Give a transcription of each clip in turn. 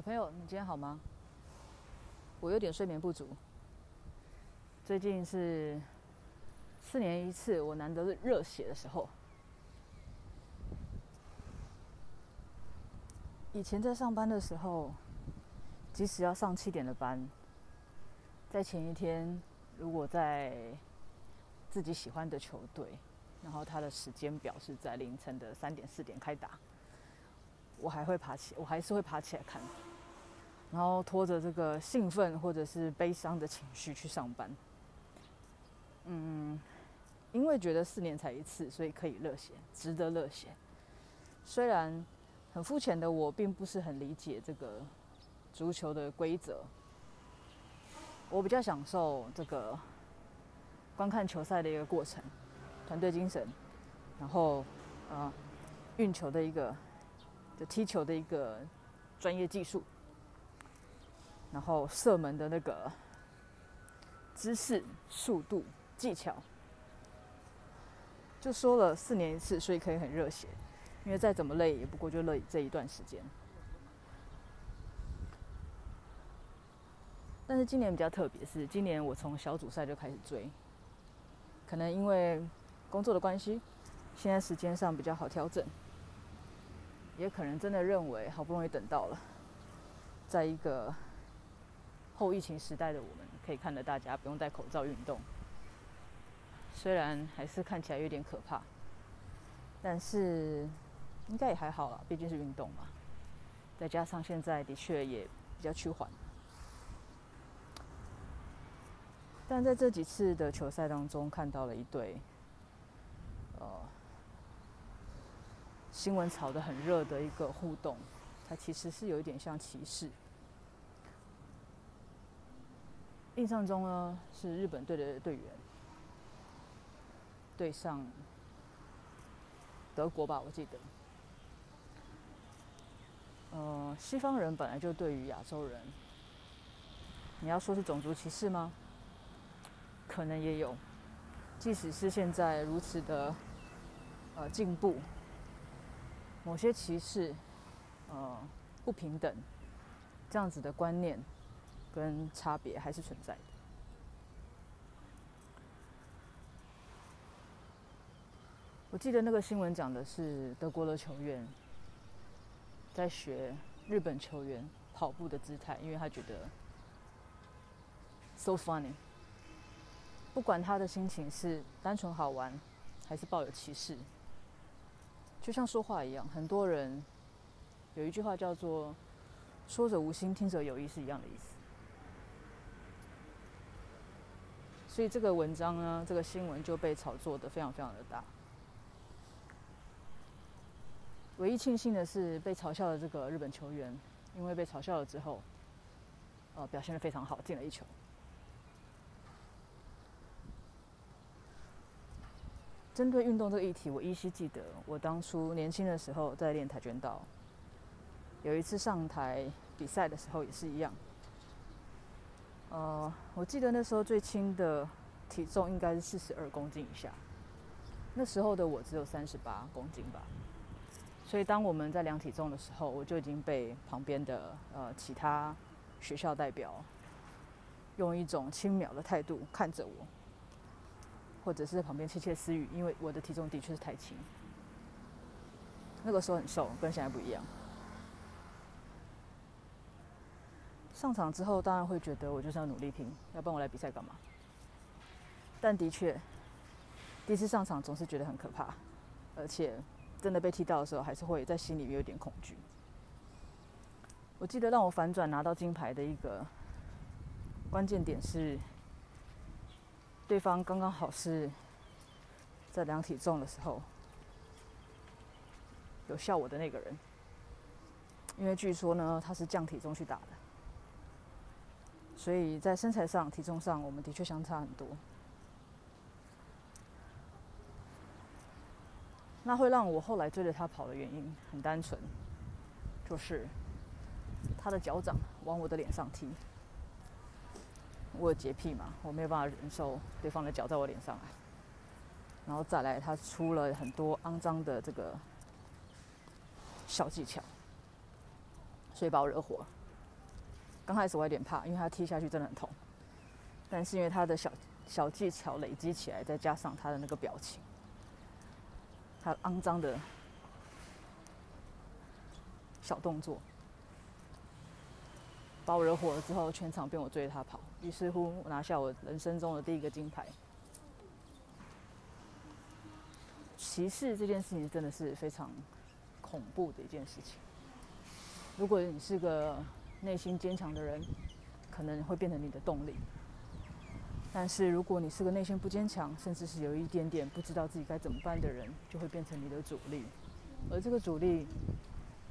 小朋友，你今天好嗎？我有點睡眠不足。最近是四年一次，我難得熱血的時候。以前在上班的時候，即使要上七點的班，在前一天，如果在自己喜歡的球隊，然後他的時間表是在凌晨的三點、四點開打，我還會爬起，我還是會爬起來看。然後拖着這個興奮或者是悲傷的情緒去上班。嗯，因為覺得四年才一次，所以可以熱血，值得熱血。雖然很膚淺的我，並不是很理解這個足球的規則。我比較享受這個觀看球賽的一個過程，團隊精神，然後啊、呃、運球的一個，就踢球的一個專業技術。然後射門的那個姿勢、速度、技巧，就說了四年一次，所以可以很熱血，因為再怎麼累也不過就累這一段時間。但是今年比較特別是，今年我從小組賽就開始追，可能因為工作的關係，現在時間上比較好調整，也可能真的認為好不容易等到了，在一個。後疫情時代的我們，可以看到，大家不用戴口罩運動，雖然還是看起來有點可怕，但是應該也還好啦，畢竟是運動嘛。再加上現在的確也比較趨緩，但在這幾次的球賽當中，看到了一對呃新聞炒得很熱的一個互動，它其實是有一點像歧視。印象中呢，是日本隊的隊員對上德國吧，我記得。呃，西方人本來就對於亞洲人，你要說是種族歧視嗎？可能也有，即使是現在如此的呃進步，某些歧視呃不平等這樣子的觀念。跟差別還是存在的。我記得那個新聞講的是德國的球員在學日本球員跑步的姿態，因為他覺得 so funny。不管他的心情是單純好玩，還是抱有歧視，就像說話一樣，很多人有一句話叫做“說者無心，聽者有意”是一樣的意思。所以這個文章呢，這個新聞就被炒作得非常非常的大。唯一慶幸的是，被嘲笑的這個日本球員，因為被嘲笑了之後，呃，表現得非常好，進了一球。針對運動這個議題，我依稀記得，我當初年輕的時候在練跆拳道，有一次上台比賽的時候也是一樣。呃，我記得那時候最輕的體重應該是四十二公斤以下。那時候的我只有三十八公斤吧。所以當我們在量體重的時候，我就已經被旁邊的呃其他學校代表用一種輕蔑的態度看着我，或者是旁邊竊竊私語，因為我的體重的確是太輕。那個時候很瘦，跟現在不一樣。上場之後，當然會覺得我就是要努力拼，要不然我來比賽幹嘛？但的確，第一次上場總是覺得很可怕，而且真的被踢到的時候，還是會在心裡面有點恐懼。我記得讓我反轉拿到金牌的一個關鍵點是，對方剛剛好是在量體重的時候，有笑我的那個人，因為據說呢，他是降體重去打的。所以在身材上、體重上，我們的確相差很多。那會讓我後來追着他跑的原因很單純，就是他的腳掌往我的臉上踢。我有潔癖嘛，我沒有辦法忍受對方的腳在我臉上來。然後再來，他出了很多骯髒的這個小技巧，所以把我惹火了。剛開始我有點怕，因為他踢下去真的很痛。但是因為他的小小技巧累積起來，再加上他的那個表情，他骯髒的小動作，把我惹火了之後，全場變我追着他跑，於是乎拿下我人生中的第一個金牌。歧視這件事情真的是非常恐怖的一件事情。如果你是個……內心堅強的人，可能會變成你的動力；但是如果你是個內心不堅強，甚至是有一點點不知道自己該怎麼辦的人，就會變成你的阻力。而這個阻力，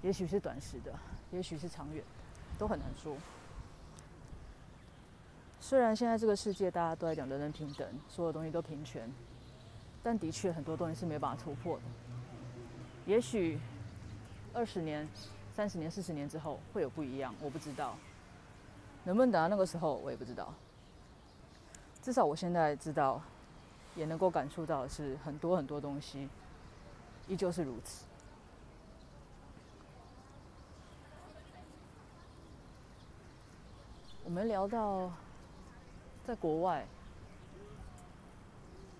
也許是短時的，也許是長遠，都很難說。雖然現在這個世界大家都在講人人平等，所有東西都平權，但的確很多東西是沒辦法突破的。也許二十年、三十年、四十年之後會有不一樣，我不知道能不能等到那個時候，我也不知道。至少我現在知道，也能夠感受到的是很多很多東西依舊是如此。我們聊到在國外，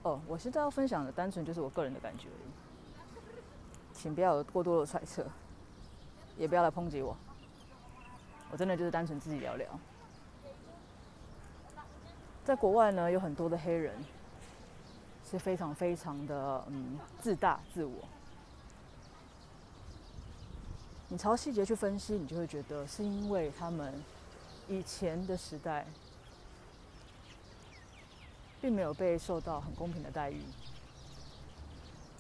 哦，我現在要分享的單純就是我個人的感覺而已，請不要有過多的猜測。也不要來抨擊我，我真的就是單純自己聊聊。在國外呢，有很多的黑人是非常非常的嗯，自大自我。你朝細節去分析，你就會覺得是因為他們以前的時代並沒有被受到很公平的待遇。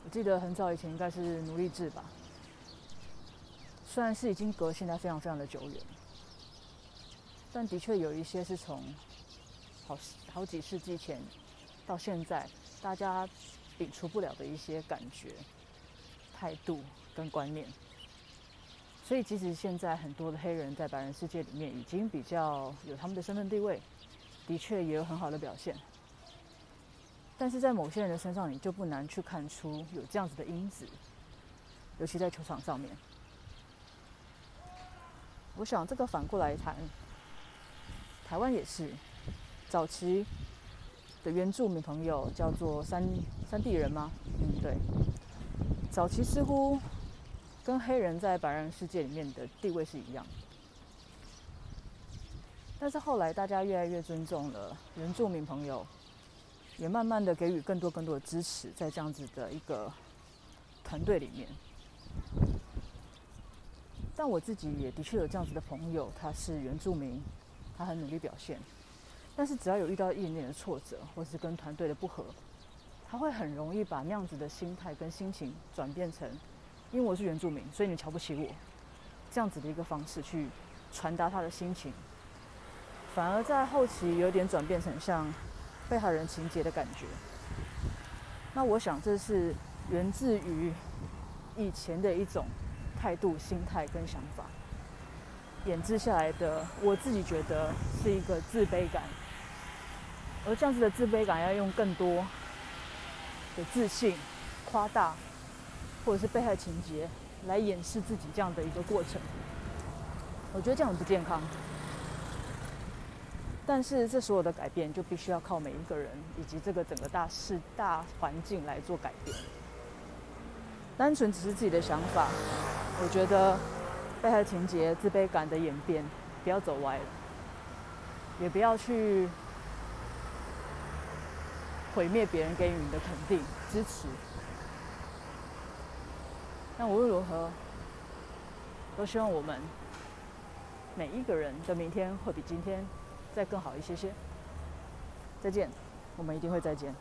我記得很早以前應該是奴隸制吧。雖然是已經隔現在非常非常的久遠，但的確有一些是從好好幾世紀前到現在，大家摒除不了的一些感覺、態度跟觀念。所以，即使現在很多的黑人在白人世界裡面已經比較有他們的身份地位，的確也有很好的表現。但是在某些人的身上，你就不難去看出有這樣子的因子，尤其在球場上面。我想這個反過來談，台灣也是，早期的原住民朋友叫做山山地人嗎？嗯，對。早期似乎跟黑人在白人世界裡面的地位是一樣的，但是後來大家越來越尊重了原住民朋友，也慢慢的給予更多更多的支持，在這樣子的一個團隊裡面。但我自己也的確有這樣子的朋友，他是原住民，他很努力表現，但是只要有遇到一點點的挫折，或是跟團隊的不合，他會很容易把那樣子的心態跟心情轉變成，因為我是原住民，所以你瞧不起我，這樣子的一個方式去傳達他的心情，反而在後期有點轉變成像被害人情節的感覺。那我想這是源自於以前的一種。態度、心態跟想法，演制下來的，我自己覺得是一個自卑感，而這樣子的自卑感要用更多的自信、誇大，或者是被害情節來掩飾自己這樣的一個過程。我覺得這樣很不健康。但是這所有的改變，就必須要靠每一個人以及這個整個大勢、大環境來做改變，單純只是自己的想法。我覺得被害情結、自卑感的演變，不要走歪了，也不要去毀滅別人給予你的肯定、支持。但無論如何，都希望我們每一個人的明天會比今天再更好一些些。再見，我們一定會再見。